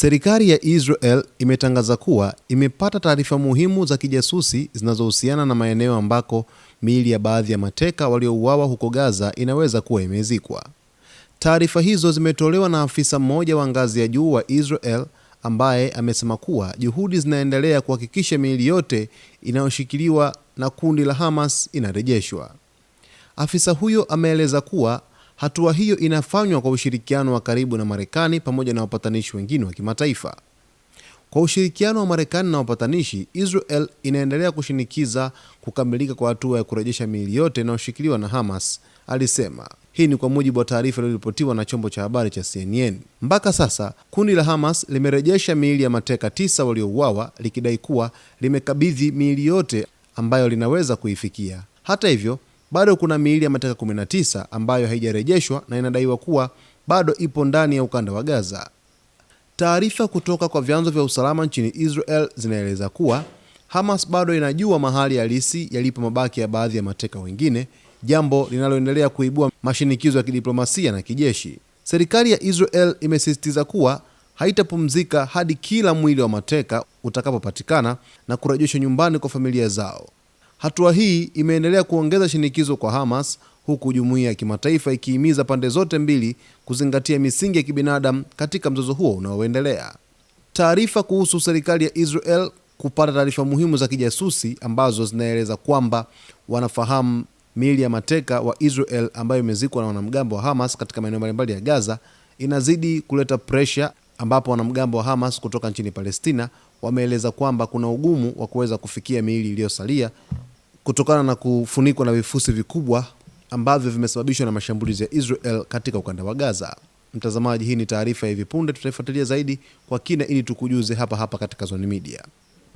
Serikali ya Israel imetangaza kuwa imepata taarifa muhimu za kijasusi zinazohusiana na maeneo ambako miili ya baadhi ya mateka waliouawa huko Gaza inaweza kuwa imezikwa. Taarifa hizo zimetolewa na afisa mmoja wa ngazi ya juu wa Israel ambaye amesema kuwa juhudi zinaendelea kuhakikisha miili yote inayoshikiliwa na kundi la Hamas inarejeshwa. Afisa huyo ameeleza kuwa Hatua hiyo inafanywa kwa ushirikiano wa karibu na Marekani pamoja na wapatanishi wengine wa kimataifa. Kwa ushirikiano wa Marekani na wapatanishi, Israel inaendelea kushinikiza kukamilika kwa hatua ya kurejesha miili yote inayoshikiliwa na Hamas, alisema. Hii ni kwa mujibu wa taarifa iliyoripotiwa na chombo cha habari cha CNN. Mpaka sasa kundi la Hamas limerejesha miili ya mateka tisa waliouawa likidai kuwa limekabidhi miili yote ambayo linaweza kuifikia. Hata hivyo bado kuna miili ya mateka 19 ambayo haijarejeshwa na inadaiwa kuwa bado ipo ndani ya ukanda wa Gaza. Taarifa kutoka kwa vyanzo vya usalama nchini Israel zinaeleza kuwa Hamas bado inajua mahali halisi yalipo mabaki ya baadhi ya mateka wengine, jambo linaloendelea kuibua mashinikizo ya kidiplomasia na kijeshi. Serikali ya Israel imesisitiza kuwa haitapumzika hadi kila mwili wa mateka utakapopatikana na kurejeshwa nyumbani kwa familia zao. Hatua hii imeendelea kuongeza shinikizo kwa Hamas huku jumuiya ya kimataifa ikihimiza pande zote mbili kuzingatia misingi ya kibinadamu katika mzozo huo unaoendelea. Taarifa kuhusu serikali ya Israel kupata taarifa muhimu za kijasusi ambazo zinaeleza kwamba wanafahamu miili ya mateka wa Israel ambayo imezikwa na wanamgambo wa Hamas katika maeneo mbalimbali ya Gaza inazidi kuleta presha, ambapo wanamgambo wa Hamas kutoka nchini Palestina wameeleza kwamba kuna ugumu wa kuweza kufikia miili iliyosalia kutokana na kufunikwa na vifusi vikubwa ambavyo vimesababishwa na mashambulizi ya Israel katika ukanda wa Gaza. Mtazamaji, hii ni taarifa ya hivi punde, tutaifuatilia zaidi kwa kina ili tukujuze hapa hapa katika Zone Media.